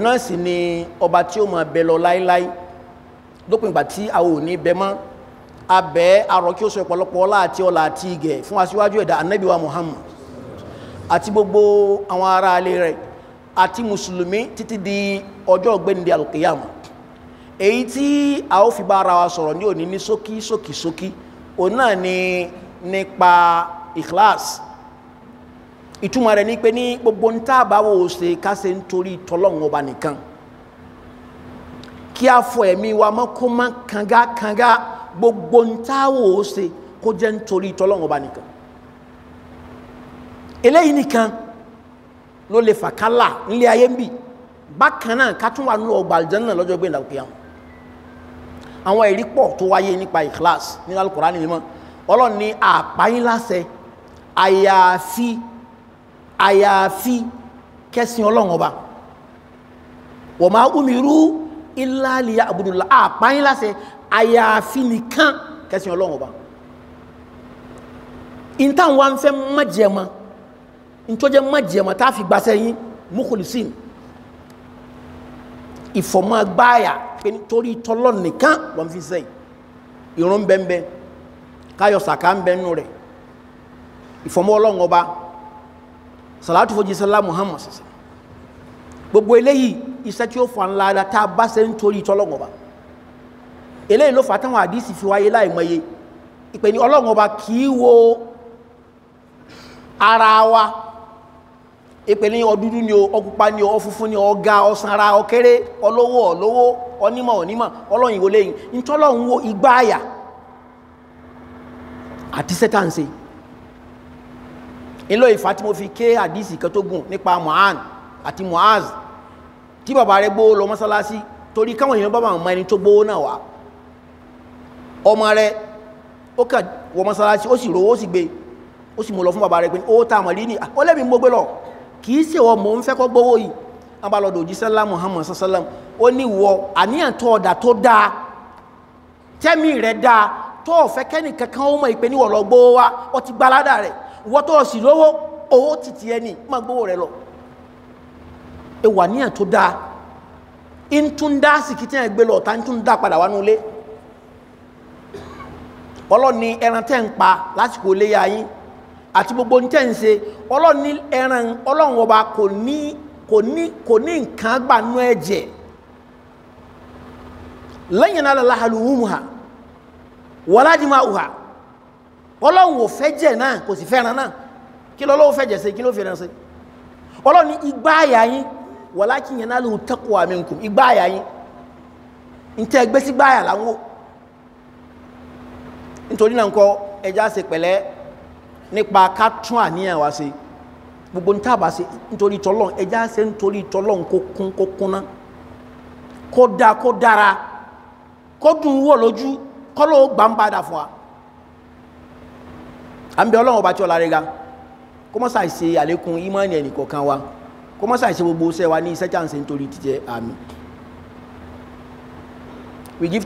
náà sì ni ọba tí ó máa bẹ lọ láíláí lópin ìgbà tí a ò ní bẹ mọ́ abẹ́ arọ kí ó sọ ọ̀pọ̀lọpọ̀ ọlá àti ọlá àti ìgẹ̀ fún aṣíwájú ẹ̀dá Ànábì wa Muhammad àti gbogbo àwọn ará alẹ́ rẹ̀ àti mùsùlùmí títí di ọjọ́ ọ̀gbẹ́ni di alùkìyàmù èyí tí a ó fi bá ara wa sọ̀rọ̀ ní òní ní ṣókí ṣókí ṣókí òun náà ni nípa ikhlas ìtumọ̀ rẹ̀ ní pé ní gbogbo ń tá àbáwò ṣe káṣe ń torí tọ́lọ́run ọba nìkan kí a fọ ẹ̀mí wa mọ́ kó má kanga kanga gbogbo ń tá àwò ṣe kó jẹ́ ń torí tọ́lọ́run ọba nìkan eléyìí nìkan ló lè fà kálà nílé ayé ń bì bákan náà ká tún wà nínú ọgbà àlùjánnà lọ́jọ́ gbé ìlànà òkèèyàn àwọn ẹ̀rí pọ̀ tó wáyé nípa ìkíláàsì nínú Al-Qur'ani mímọ́ Ọlọ́run ní àyàfi àyàfi kẹsìn ọlọ́run ọba wọ́n máa umiru illa liya'budullah àpáyín láṣẹ àyàfi nìkan kẹsìn ọlọ́run ọba ìntàn wa ń fẹ́ májẹ̀mọ́ ìtọ́jẹ́ májẹ̀mọ́ tá a fi gbàṣẹ yín mukhlisin ìfọ̀mọ́ gbáàyà pé nítorí tọ́lọ́ nìkan wọ́n fi sẹ́yìn ìrún bẹ́ẹ̀ bẹ́ẹ̀ káyọ̀ sàkà ń bẹ́ẹ̀ nù rẹ̀ ìfọ̀mọ́ ọlọ́run ọba salatu fojì sallá muhammad sisi gbogbo eléyìí iṣẹ́ tí ó fa ńlá ara tá a bá ṣe ń torí tọ́lọ́wọ́n ọba eléyìí ló fà táwọn àdísì fi wáyé láìmọye ìpè ní ọlọ́wọ́n ọba kì í wo ara wa ìpè ní ọdúdú ni o ọkùpa ni o ọfunfun ni o ọ̀gá ọ̀sánra ọ̀kéré olówó olówó onímọ̀ onímọ̀ ọlọ́yìn ìwọlẹ́yìn ntọ́lọ́hún wo igbá àyà ilé ìfà tí mo fi ké àdísì kan tó gùn nípa mohan àti mohaz tí bàbá rẹ̀ gbówó lọ mọ́sálásí torí káwọn èèyàn bàbá ọmọ ẹni tó gbówó náà wá ọmọ rẹ̀ ó kà wọ mọ́sálásí ó sì rówó ó sì gbé ó sì mú lọ fún bàbá rẹ̀ pé ó ta àmọ̀lí ni ah, ó lẹ́mìí mo gbé lọ kì í ṣe wọ mò ń fẹ́ kọ́ gbówó yìí wọn bá lọ dòjì sálá muhammad sálám ó ní wọ àníyàn tó da tó dáa tẹ́mi rẹ̀ dáa tó ọ̀fẹ́ kẹ́nìkankan ó mọ̀ ìpè níwọ̀ lọ gbówó wá ó ti gbaládà rẹ̀ wọ́tọ̀ sì owo owó títí ẹni má gbówó rẹ lọ ẹ wà ní ẹ̀tọ́ dáa ń tún dá sìkìtì ẹ̀ gbé lọ ọ̀tá ń tún dá padà wá nulẹ̀ ọlọ́ni ẹran tẹ́ gbogbo ń tẹ́ ń ṣe ọlọ́ni ẹran ọlọ́run ọba kò ní kò ní kò ní nǹkan ẹ̀jẹ̀ lẹ́yìn náà lọ́la ha ọlọ́run ò fẹ́ jẹ̀ náà kò sì fẹ́ràn náà kí lọ́lọ́run fẹ́ jẹ̀ sí kí ló fẹ́ràn ọlọ́run igbá àyà yín igbá àyà yín sí láwọn nítorí náà ẹja ṣe pẹ̀lẹ́ nípa ká tún àníyàn wá sí gbogbo níta bá ṣe nítorí ẹja ṣe nítorí tọ́lọ́n kó kún kó kó kó dára kó a ń bẹ ọlọ́run ọba tí ọlá rẹ̀ga kó mọ́ ṣàìṣe àlékún ìmọ̀ọ́nì ẹnìkọ̀ọ̀kan wa kó mọ́ ṣàìṣe gbogbo iṣẹ́ wa ní iṣẹ́ chance nítorí títẹ àmì we give